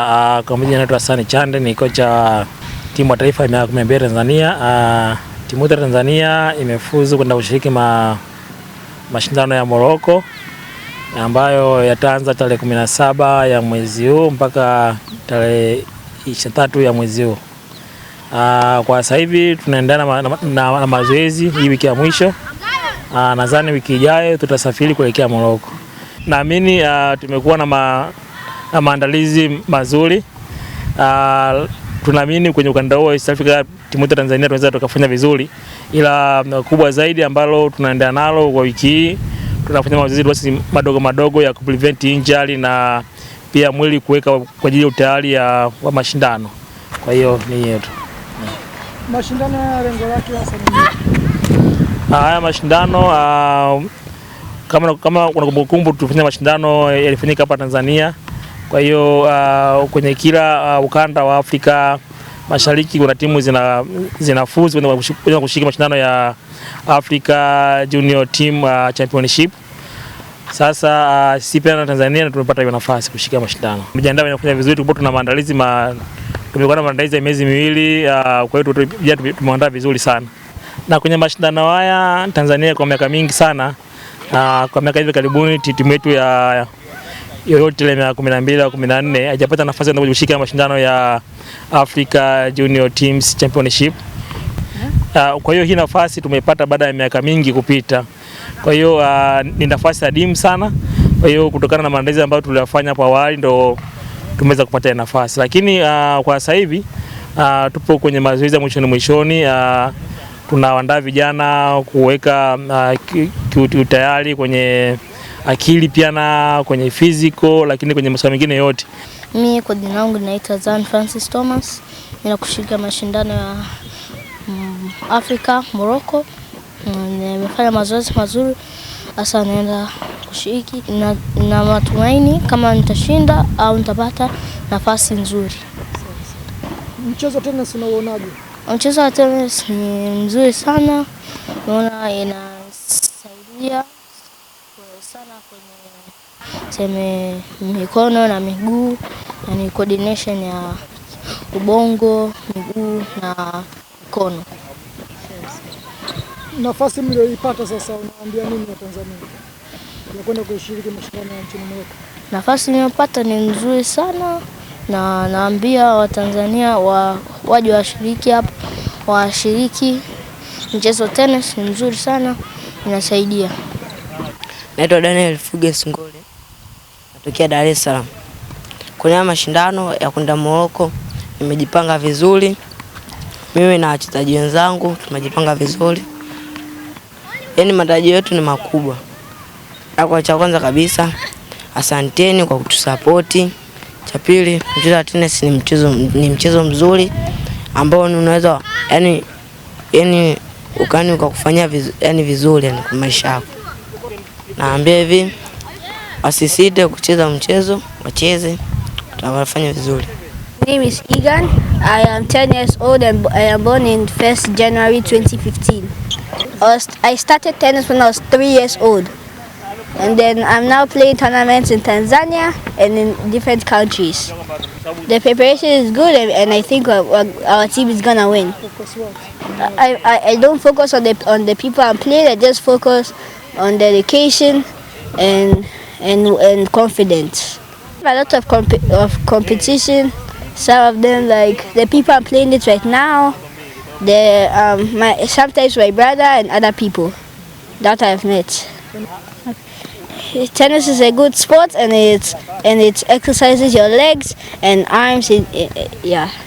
Uh, kwa majina naitwa Sani Chande ni kocha wa timu ya taifa ya kumi na mbili Tanzania. Uh, timu ya Tanzania imefuzu kwenda kushiriki ma, mashindano ya Morocco ambayo yataanza tarehe kumi na saba ya mwezi huu mpaka tarehe ishirini na tatu ya mwezi huu. Uh, kwa sasa hivi tunaendelea na, na, na, na mazoezi hii wiki ya mwisho. Uh, nadhani wiki ijayo tutasafiri kuelekea Morocco. Naamini uh, tumekuwa na ma, maandalizi mazuri. Uh, tunaamini kwenye ukanda huo East Africa timu ya Tanzania tunaweza tukafanya vizuri, ila um, kubwa zaidi ambalo tunaendelea nalo kwa wiki hii tunafanya mazoezi basi madogo madogo ya kuprevent injury na pia mwili kuweka kwa ajili ya utayari wa mashindano. Kwa hiyo ni yetu mashindano ya lengo lake hasa ni ah, haya mashindano uh, kama kama kuna kumbukumbu tulifanya mashindano yalifanyika hapa Tanzania kwa hiyo uh, kwenye kila uh, ukanda wa Afrika Mashariki kuna timu zina zinafuzu kwenda kushiriki mashindano ya Africa Junior Team uh, Championship. Sasa uh, si na Tanzania na tumepata hiyo nafasi kushika mashindano. Mjiandaa inafanya vizuri, tupo tuna maandalizi ma tumekuwa na maandalizi ya miezi miwili uh, kwa hiyo tumeandaa vizuri sana. Na kwenye mashindano haya Tanzania kwa miaka mingi sana uh, kwa miaka hivi karibuni timu yetu ya, ya yoyote ile ya 12 au 14 hajapata nafasi ya kushika mashindano ya Africa Junior Teams Championship. Uh, kwa hiyo hii nafasi tumepata baada ya miaka mingi kupita. Kwa hiyo uh, ni nafasi adimu sana. Kwa hiyo kutokana na maandalizi ambayo tuliyafanya hapo awali ndo tumeweza kupata nafasi, lakini uh, kwa sasa hivi uh, tupo kwenye mazoezi ya mwishoni mwishoni, uh, tunawaandaa vijana kuweka uh, kiutayari kwenye akili pia na kwenye physical, lakini kwenye masuala mengine yote. Mimi kwa jina langu naitwa Zan Francis Thomas, ninakushirika mashindano ya mm, Afrika Morocco. Mm, nimefanya mazoezi mazuri sasa, naenda kushiriki na, na matumaini kama nitashinda au nitapata nafasi nzuri. Mchezo wa tennis unauonaje? Mchezo wa tennis ni mzuri sana, naona inasaidia sana kwenye mikono na miguu na ni coordination ya ubongo, miguu na mikono. Nafasi mlioipata sasa, unaambia nini Watanzania ya kwenda kushiriki mashindano ya nchini Morocco? Nafasi niliyopata ni nzuri sana na naambia Watanzania wa, waje washiriki hapa, washiriki mchezo tennis ni mzuri sana, inasaidia. Naitwa Daniel Fuge Sungole, natokea Dar es Salaam. Kwenye mashindano ya kwenda Moroko nimejipanga vizuri, mimi na wachezaji wenzangu tumejipanga vizuri, yaani matarajio yetu ni makubwa. Na Kwa cha kwanza kabisa, asanteni kwa kutusapoti. Cha pili, mchezo wa tennis ni mchezo, ni mchezo mzuri ambao unaweza yani, yani ukani ukakufanyia yani vizuri yani kwa maisha yako naambia hivi wasisite kucheza mchezo, wacheze, watafanya vizuri. My name is Egan. I am 10 years old and I am born in 1st January 2015. I started tennis when I was 3 years old. And then I'm now playing tournaments in Tanzania and in different countries. The preparation is good and I think our, team is gonna win. I, I, I don't focus on the, on the people I'm playing, I just focus on dedication and and and confidence. A lot of comp of competition. Some of them like the people I'm playing it right now. The um, my sometimes my brother and other people that I've met. Tennis is a good sport and it's and it exercises your legs and arms. In, in, yeah.